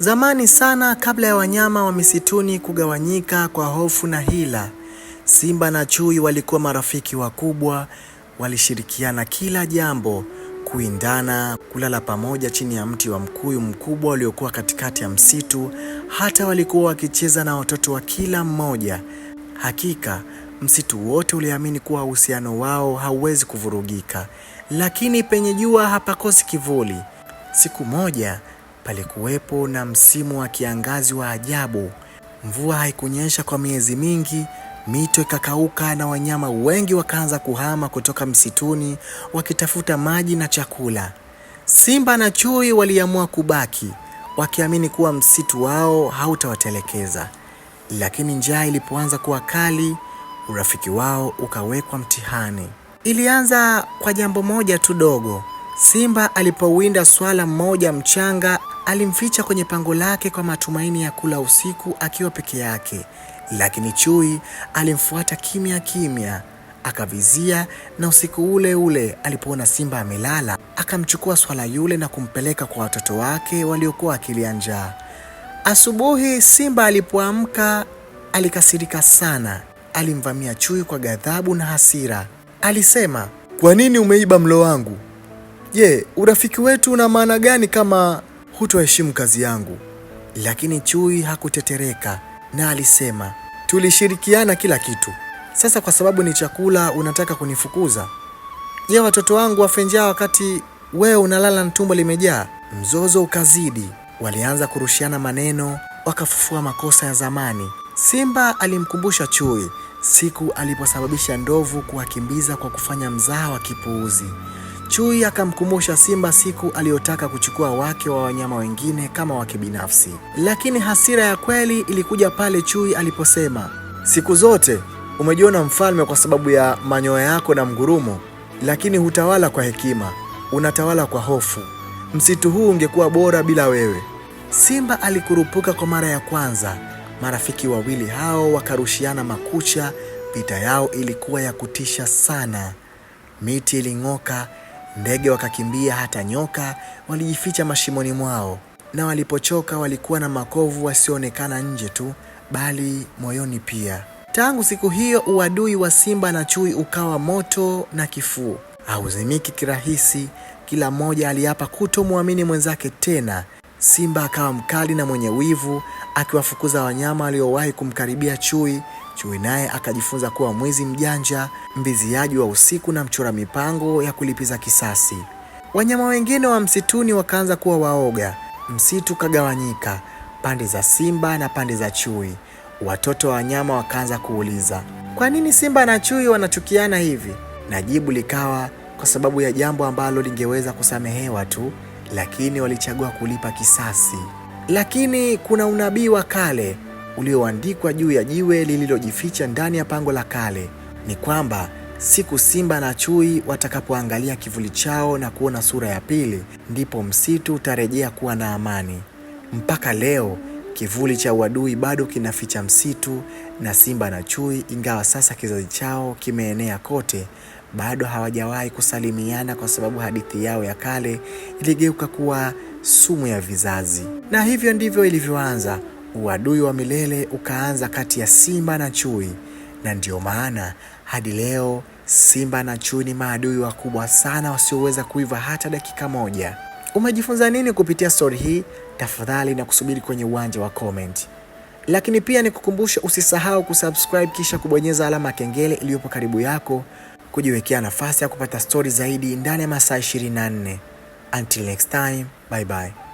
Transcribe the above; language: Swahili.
Zamani sana kabla ya wanyama wa misituni kugawanyika kwa hofu na hila, simba na chui walikuwa marafiki wakubwa. Walishirikiana kila jambo: kuindana, kulala pamoja chini ya mti wa mkuyu mkubwa uliokuwa katikati ya msitu. Hata walikuwa wakicheza na watoto wa kila mmoja. Hakika msitu wote uliamini kuwa uhusiano wao hauwezi kuvurugika, lakini penye jua hapakosi kivuli. Siku moja Palikuwepo na msimu wa kiangazi wa ajabu. Mvua haikunyesha kwa miezi mingi, mito ikakauka na wanyama wengi wakaanza kuhama kutoka msituni wakitafuta maji na chakula. Simba na chui waliamua kubaki, wakiamini kuwa msitu wao hautawatelekeza. Lakini njaa ilipoanza kuwa kali, urafiki wao ukawekwa mtihani. Ilianza kwa jambo moja tu dogo, Simba alipowinda swala mmoja mchanga, alimficha kwenye pango lake kwa matumaini ya kula usiku akiwa peke yake, lakini chui alimfuata kimya kimya, akavizia na usiku ule ule alipoona simba amelala, akamchukua swala yule na kumpeleka kwa watoto wake waliokuwa akilia njaa. Asubuhi simba alipoamka alikasirika sana. Alimvamia chui kwa ghadhabu na hasira. Alisema, kwa nini umeiba mlo wangu? Je, urafiki wetu una maana gani kama hutoheshimu kazi yangu? Lakini chui hakutetereka na alisema, tulishirikiana kila kitu. Sasa kwa sababu ni chakula unataka kunifukuza? Je, watoto wangu wafe njaa wakati wewe unalala na tumbo limejaa? Mzozo ukazidi, walianza kurushiana maneno, wakafufua makosa ya zamani. Simba alimkumbusha chui siku aliposababisha ndovu kuwakimbiza kwa kufanya mzaha wa kipuuzi. Chui akamkumbusha Simba siku aliyotaka kuchukua wake wa wanyama wengine kama wake binafsi. Lakini hasira ya kweli ilikuja pale Chui aliposema, siku zote umejiona mfalme kwa sababu ya manyoya yako na mgurumo, lakini hutawala kwa hekima, unatawala kwa hofu. Msitu huu ungekuwa bora bila wewe. Simba alikurupuka kwa mara ya kwanza. Marafiki wawili hao wakarushiana makucha. Vita yao ilikuwa ya kutisha sana. Miti iling'oka Ndege wakakimbia hata nyoka walijificha mashimoni mwao, na walipochoka walikuwa na makovu wasioonekana nje tu, bali moyoni pia. Tangu siku hiyo uadui wa simba na chui ukawa moto na kifuu, hauzimiki kirahisi. Kila mmoja aliapa kutomwamini mwenzake tena. Simba akawa mkali na mwenye wivu, akiwafukuza wanyama waliowahi kumkaribia chui. Chui naye akajifunza kuwa mwizi mjanja, mbiziaji wa usiku na mchora mipango ya kulipiza kisasi. Wanyama wengine wa msituni wakaanza kuwa waoga. Msitu kagawanyika pande za simba na pande za chui. Watoto wa wanyama wakaanza kuuliza, kwa nini simba na chui wanachukiana hivi? Na jibu likawa kwa sababu ya jambo ambalo lingeweza kusamehewa tu lakini walichagua kulipa kisasi. Lakini kuna unabii wa kale ulioandikwa juu ya jiwe lililojificha ndani ya pango la kale, ni kwamba siku simba na chui watakapoangalia kivuli chao na kuona sura ya pili, ndipo msitu utarejea kuwa na amani. Mpaka leo kivuli cha uadui bado kinaficha msitu na simba na chui, ingawa sasa kizazi chao kimeenea kote, bado hawajawahi kusalimiana kwa sababu hadithi yao ya kale iligeuka kuwa sumu ya vizazi. Na hivyo ndivyo ilivyoanza uadui wa milele, ukaanza kati ya simba na chui, na ndiyo maana hadi leo simba na chui ni maadui wakubwa sana wasioweza kuiva hata dakika moja. Umejifunza nini kupitia stori hii? Tafadhali na kusubiri kwenye uwanja wa comment, lakini pia nikukumbusha, usisahau kusubscribe kisha kubonyeza alama ya kengele iliyopo karibu yako kujiwekea nafasi ya kupata stori zaidi ndani ya masaa 24. Until next time, bye bye.